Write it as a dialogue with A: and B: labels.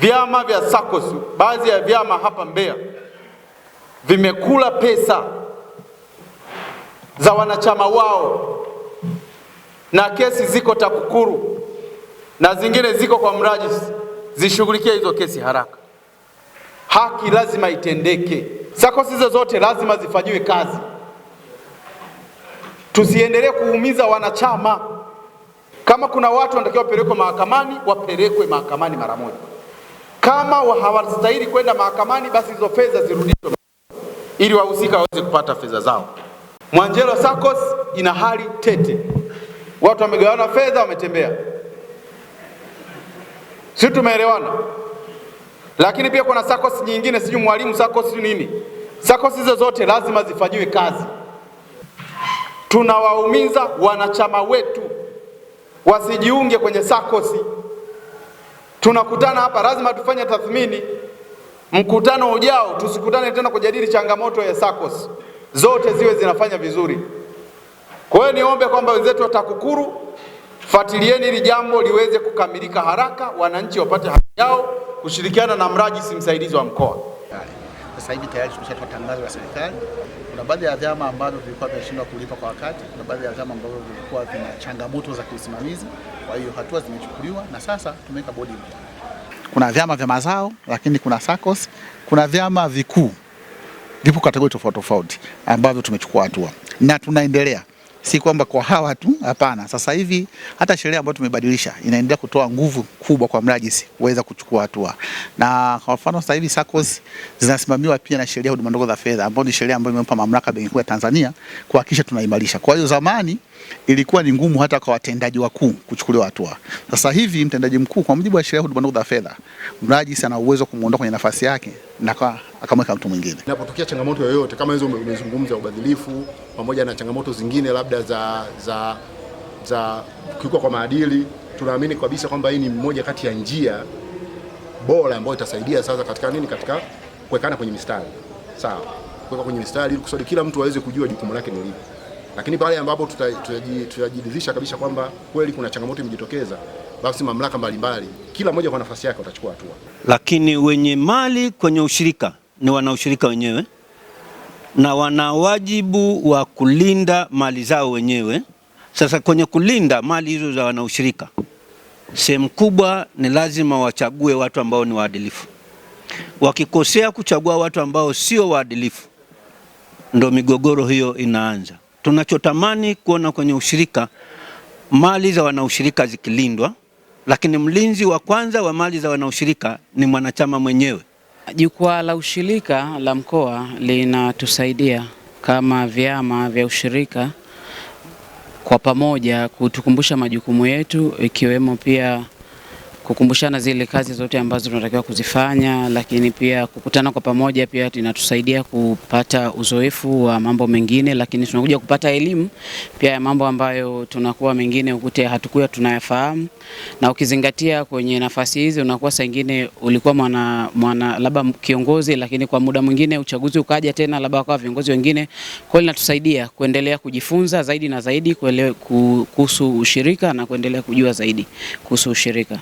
A: Vyama vya SACCOS, baadhi ya vyama hapa Mbeya vimekula pesa za wanachama wao, na kesi ziko TAKUKURU na zingine ziko kwa mrajisi, zishughulikie hizo kesi haraka. Haki lazima itendeke. SACCOS hizo zote lazima zifanyiwe kazi, tusiendelee kuumiza wanachama. Kama kuna watu wanatakiwa wapelekwe mahakamani, wapelekwe mahakamani mara moja. Kama hawastahili kwenda mahakamani, basi hizo fedha zirudishwe ili wahusika waweze kupata fedha zao. Mwanjelo SACCOS ina hali tete, watu wamegawana fedha, wametembea, si tumeelewana? Lakini pia kuna SACCOS nyingine, sijui mwalimu SACCOS nini. SACCOS hizo zote lazima zifanyiwe kazi. Tunawaumiza wanachama wetu wasijiunge kwenye SACCOS tunakutana hapa, lazima tufanye tathmini. Mkutano ujao tusikutane tena kujadili changamoto ya SACCOS, zote ziwe zinafanya vizuri. Kwa hiyo niombe kwamba wenzetu wa TAKUKURU, fuatilieni hili jambo liweze kukamilika haraka, wananchi wapate haki yao kushirikiana na mrajisi msaidizi wa mkoa.
B: Sasa hivi tayari tumeshatoa tangazo la serikali. Kuna baadhi ya vyama ambavyo vilikuwa vimeshindwa kulipa kwa wakati, kuna baadhi ya vyama ambavyo vilikuwa vina changamoto za kiusimamizi. Kwa hiyo hatua zimechukuliwa na sasa tumeweka bodi mpya.
A: Kuna vyama vya mazao, lakini kuna SACCOS, kuna vyama vikuu, vipo kategori tofauti tofauti ambavyo tumechukua hatua na tunaendelea si kwamba kwa hawa tu, hapana. Sasa hivi hata sheria ambayo tumebadilisha inaendelea kutoa nguvu kubwa kwa mrajisi kuweza kuchukua hatua, na kwa mfano sasa hivi SACCOS zinasimamiwa pia na sheria huduma ndogo za fedha, ambayo ni sheria ambayo imempa mamlaka Benki Kuu ya Tanzania kuhakikisha tunaimarisha. Kwa hiyo zamani ilikuwa ni ngumu hata kwa watendaji wakuu kuchukuliwa hatua. Sasa hivi mtendaji mkuu kwa mujibu wa sheria ya huduma ndogo za fedha, mrajisi ana uwezo kumwondoa kwenye nafasi yake na akamweka mtu mwingine.
C: Inapotokea changamoto yoyote kama hizo umezungumza, ubadhilifu pamoja na changamoto zingine labda za, za, za kukiuka kwa maadili, tunaamini kabisa kwamba hii ni mmoja kati ya njia bora ambayo itasaidia sasa katika nini, katika kuwekana kwenye mistari sawa, kuweka kwenye mistari ili kusudi kila mtu aweze kujua jukumu lake ni lipi lakini pale ambapo tutajiridhisha kabisa kwamba kweli kuna changamoto imejitokeza, basi mamlaka mbalimbali mbali, kila mmoja kwa nafasi yake watachukua hatua.
A: Lakini wenye mali kwenye ushirika ni wanaushirika wenyewe na wana wajibu wa kulinda mali zao wenyewe. Sasa kwenye kulinda mali hizo za wanaushirika, sehemu kubwa ni lazima wachague watu ambao ni waadilifu. Wakikosea kuchagua watu ambao sio waadilifu, ndo migogoro hiyo inaanza. Tunachotamani kuona kwenye ushirika, mali za wanaushirika zikilindwa, lakini mlinzi wa kwanza wa mali za wanaushirika ni mwanachama mwenyewe.
D: Jukwaa la ushirika la mkoa linatusaidia kama vyama vya ushirika kwa pamoja kutukumbusha majukumu yetu ikiwemo pia kukumbushana zile kazi zote ambazo tunatakiwa kuzifanya, lakini pia kukutana kwa pamoja pia inatusaidia kupata uzoefu wa mambo mengine, lakini tunakuja kupata elimu pia ya mambo ambayo tunakuwa mengine ukute hatukuwa tunayafahamu, na ukizingatia kwenye nafasi hizi unakuwa saa ingine ulikuwa mwana, mwana labda kiongozi, lakini kwa muda mwingine uchaguzi ukaja tena labda wakawa viongozi wengine, kwa inatusaidia kuendelea kujifunza zaidi na zaidi kuhusu ushirika na kuendelea kujua zaidi kuhusu ushirika.